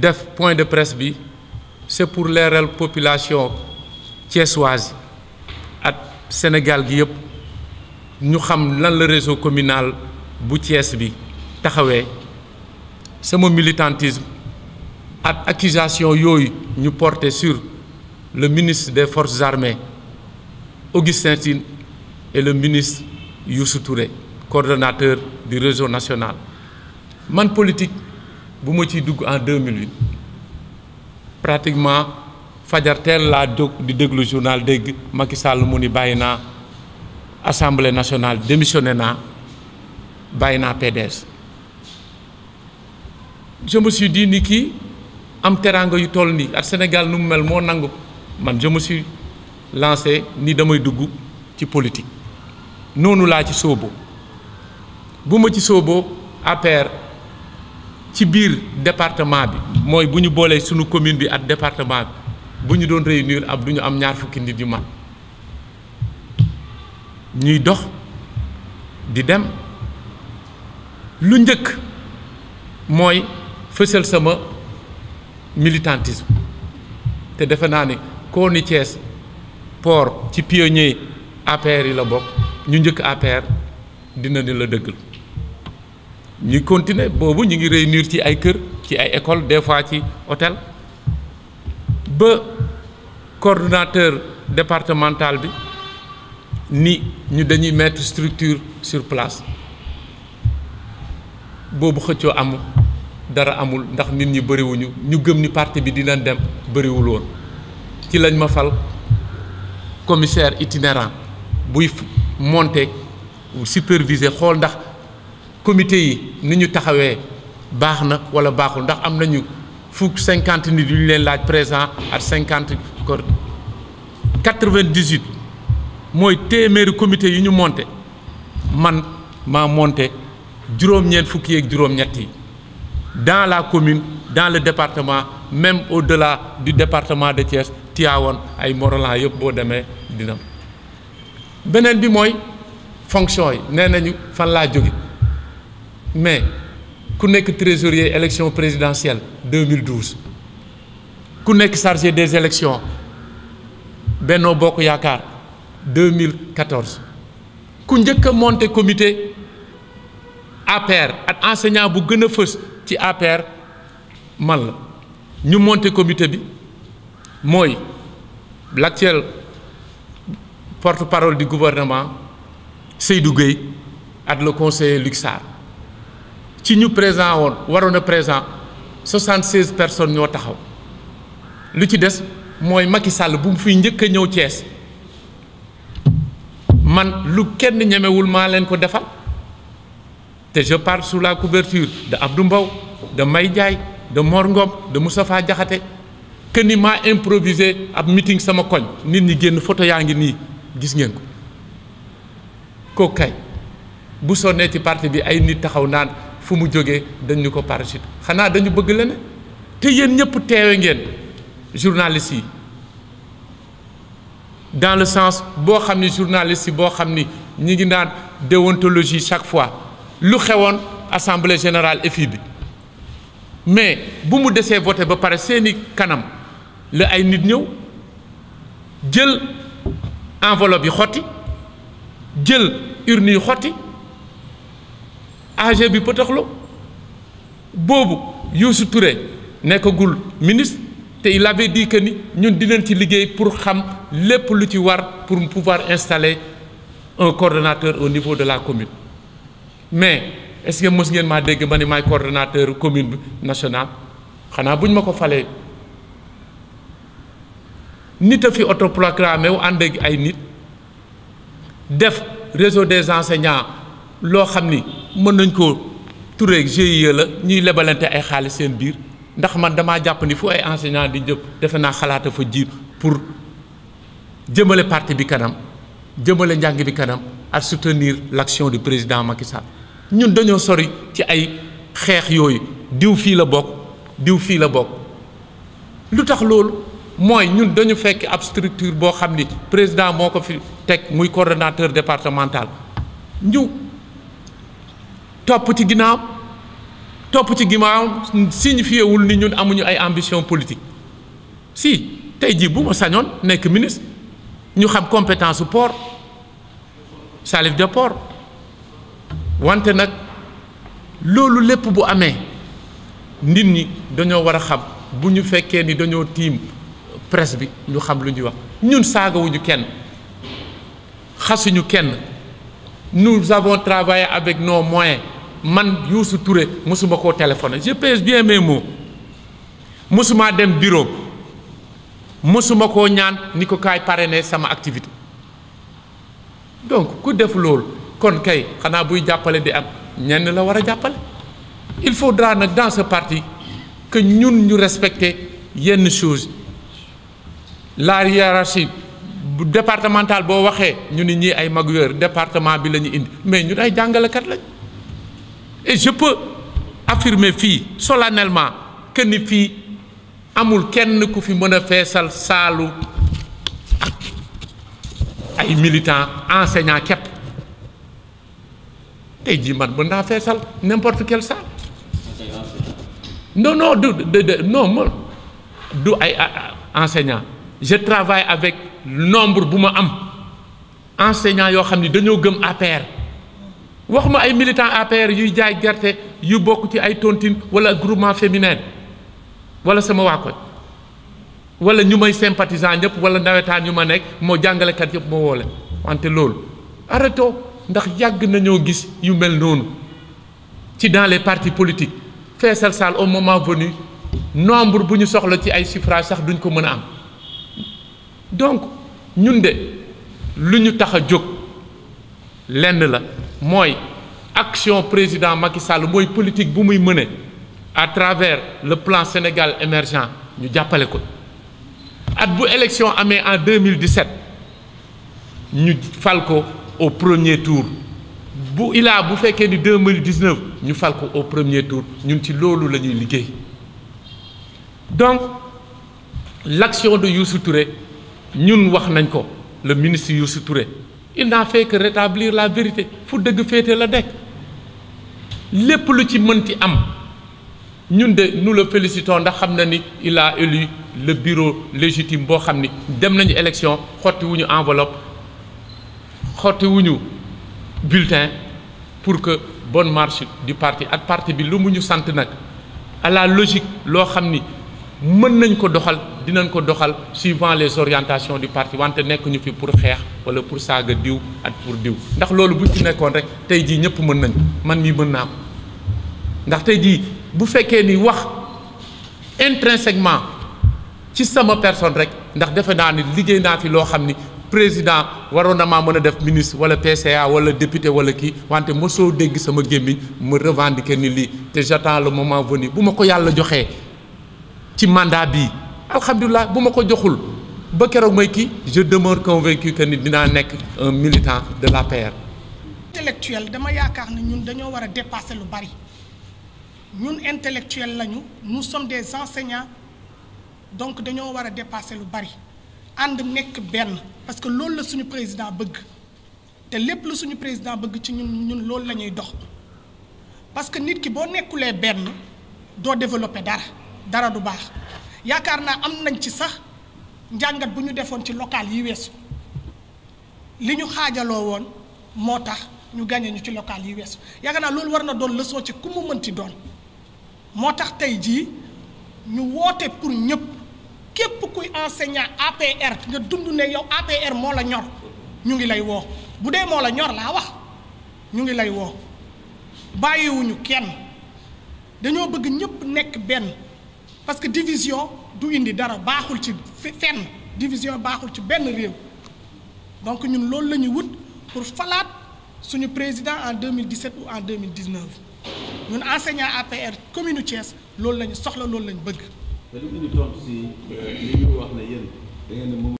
def point de presse bi c'est pour leeral population thiessoise ak Sénégal gi yëpp ñu xam nan la réseau communal bu Thiès bi taxawee sama militantisme ak accusation yooyu ñu porté sur le ministre des forces armées Augustin et le ministre Youssou suture coordonnateur du réseau national man politique bu ma ciy dugg en 2008 pratiquement fajar teel laa jóg di déglu journal dégg Macky Sall mu ni bàyyi naa assemblée nationale démissionné naa bàyyi naa PDS je me ni kii am teraanga yu toll nii ak Sénégal nu mu mel moo nangu man je lancé ni damay dugg ci politique noonu laa ci sóoboo bu ma ci sóoboo APR. ci biir département bi mooy bu ñu boolee sunu commune bi ak département bi bu ñu doon réunir ab du ñu am ñaar fukki nit yu mat ñuy dox di dem lu njëkk mooy fësal sama militantisme te defe naa ne koo ni Thiès port ci pionnier APR yi la bokk ñu njëkk APR dina ni la dëggal ñu continuer boobu ñu ngi réunir ci ay kër ci ay école des fois ci hôtel ba coordonnateur départemental bi ni ñu dañuy mettre structure sur place boobu xëccoo amul dara amul ndax nit ñi bëriwuñu ñu gëm ni parti bi dina dem bëriwul woon ci lañ ma fal commissaire itinérant buy monter superviser xool ndax comité yi ni ñu taxawee baax na wala baaxul ndax am nañu fukk cinquante nit yu ñu leen laaj présent ak cinquante ko quatre-vingt-dix-huit mooy téeméeri comité yu ñu monté man maa monté juróom-ñeent fukki yeeg juróom-ñett yi dans la commune dans le département même au-delà du département de Thiès Tivaouane ay Morolan yëpp boo demee dina beneen bi mooy fonction yi nee nañu fan laa jóge mais ku nekk trésorier élection présidentielle 2012 ku nekk chargé des élections Benno Bokk Yaakaar 2014 ku njëkk a monté comité APR ak enseignant bu gën a fës ci APR man la ñu monté comité bi mooy l'actuel porte-parole di gouvernement Seydou Gueye ak le conseiller Luc ci ñu présent woon waroon a présent soixante-seize personne ñoo taxaw lu ci des mooy Macky sàll bu mu fiy njëkk a ñëw cees man lu kenn ñemewul maa leen ko defal te je parle sous la couverture de Abdou Mbow de May jaay de Mor Ngom de Moustapha Diakhaté que ni maa improvisé ab meeting sama koñ nit ñi génn photo yaa ngi nii gis ngeen ko kooku kay bu sonnee ci parti bi ay nit taxaw naan fu mu jógee dañ ko parachute xanaa dañu bëgg leneen te yéen ñëpp teewe ngeen journaliste yi dans le sens boo xam ni journaliste yi boo xam ni ñi ngi naan déontologie chaque fois lu xewoon assemblée générale EFI bi mais bu mu desee voté ba pare seeni kanam la ay nit ñëw jël enveloppe yi xotti jël urne yi xotti AG bi pëtaxlu boobu Youssou Touré nekkagul ministre te il avait dit que ni ñun dinañ ci liggéey pour xam lépp lu ci war pour mu pouvoir installer un coordonnateur au niveau de la commune mais est-ce que mës ngeen maa dégg ma ni maay coordonnateur commune nationale xanaa buñ ma ko falee nit a fi autoproclamé wu ànd ak ay nit def réseau des enseignants. loo xam ni mën nañ koo tureeg GIE la ñuy lebalante ay xaalis seen biir ndax man damaa jàpp ni fu ay enseignant di jëpp defe naa xalaata fa jiir pour jëmale parti bi kanam jëmale njàng bi kanam ak soutenir l'action du président Macky Sall ñun dañoo sori ci ay xeex yooyu diw fii la bokk diw fii la bokk lu tax loolu mooy ñun dañu fekk ab structure boo xam ni président moo ko fi teg muy coordonnateur départemental ñu topp ci ginnaaw topp ci ginnaaw signifié wul ni ñun amuñu ay ambition politique si tey jii bu ma sañoon nekk ministre ñu xam compétence su port Salif Dia port wante nag loolu lépp bu amee nit ñi dañoo war a xam bu ñu fekkee ni dañoo tiim presse bi ñu xam lu ñuy wax ñun saagawuñu kenn xasuñu kenn nous avons travaillé avec nos moyens man Youssou Touré mosuma koo téléphoné gps pèse bien mes mots mosumaa dem bureau mosuma koo ñaan ni ko kaay parrainé sama activité donc ku def loolu kon kay xanaa buy jàppale bi am ñenn la war a jàppale il faut nag dans ce parti que ñun ñu respecter yenn chose la hiérarchie bu départemental boo waxee ñu ne ñii ay mag yooyu département bi la ñu indi mais ñun ay jàngalekat lañ et je peux affirmer fii solennellement que ni fii amul kenn ku fi mën a feesal saalu ay militants enseignants képp tey jii man mën naa feesal n'importe quelle salle non non du de non man du ay enseignants je travaille avec. nombre bu ma am enseignant yoo xam ni dañoo gëm APR wax ma ay militant APR yuy jaay gerte yu bokk ci ay tontine wala groupement féminin wala sama waa koñ wala ñu may sympathisant ñëpp wala nawetaan yu ma nekk moo jàngalekat yëpp moo woole wante loolu arrêtoo ndax yàgg nañoo gis yu mel noonu ci dans les partis politiques feesal saal au moment venu nombre bu ñu soxla ci ay suffrage sax duñ ko mën a am donc ñun de lu ñu tax a jóg lenn la mooy action président Macky Sall mooy politique bu muy mëne à travers le plan Sénégal émergent ñu jàppale ko at bu élection amee en 2017 ñu fal ko au premier tour bu ilaa bu fekkee ni 2019 ñu fal ko au premier tour ñun ci loolu la ñuy liggéey donc l'action de Youssou Touré ñun wax nañ ko le ministre Youssou Touré il n'a fait que rétablir la vérité fu dëgg féete la dekk lépp lu ci mënti am ñun de nous le félicitons ndax xam na ni il a élu le bureau légitime boo xam ni dem nañu élection xotti wuñu enveloppe xotti wuñu bulletin pour que bonne marche du parti ak parti bi lu mu ñu sant nag à logique loo xam ni mën nañ ko doxal dinañ ko doxal suivant les orientations du parti wante nekkuñu ñu fi pour xeex wala pour saaga diw at pour diw ndax loolu bu ci nekkoon rek tey jii ñëpp mën nañ man mii mën naa ko ndax tey jii bu fekkee ni wax intrinsèquement ci sama personne rek ndax defe naa ni liggéey naa fi loo xam ni président waroon na maa mën a def ministre wala PCA wala député wala kii wante mosoo dégg sama gémmiñ ma revendiquer ni lii te j'attends le moment venu bu ma ko yàlla joxee ci mandat bi alhamdulilah bu ma ko joxul ba keroog may kii je demeure convaincu que ni dinaa nekk un militant de la l'APR. intellectuel dama yaakaar ne ñun dañoo war a dépasser lu bari ñun intellectuel lañu nous sommes des enseignants donc dañoo war a dépasser lu bari ànd nekk benn parce que loolu la suñu président bëgg te lépp lu suñu président bëgg ci ñun ñun loolu la ñuy dox parce que nit ki boo nekkulee benn doo développer dara. dara du baax yaakaar naa am nañ ci sax njàngat bu ñu defoon ci local yi weesu li ñu xaajaloo woon moo tax ñu gagné ñu ci local yi weesu yaakaar naa loolu war na doon leçon ci ku mu mënti doon moo tax tey jii ñu woote pour ñëpp képp kuy enseignant APR nga dund ne yow APR moo la ñor ñu ngi lay woo bu dee moo la ñor laa wax ñu ngi lay woo bàyyiwuñu kenn dañoo bëgg ñëpp nekk benn parce que division du indi dara baaxul ci fenn division baaxul ci benn réew donc ñun loolu la ñuy wut pour falaat suñu président en 2017 ou en 2019 ñun enseignant APR commune Thiès loolu la ñu soxla loolu la ñu bëgg. te li ñu tontu si euh, li ñu wax ne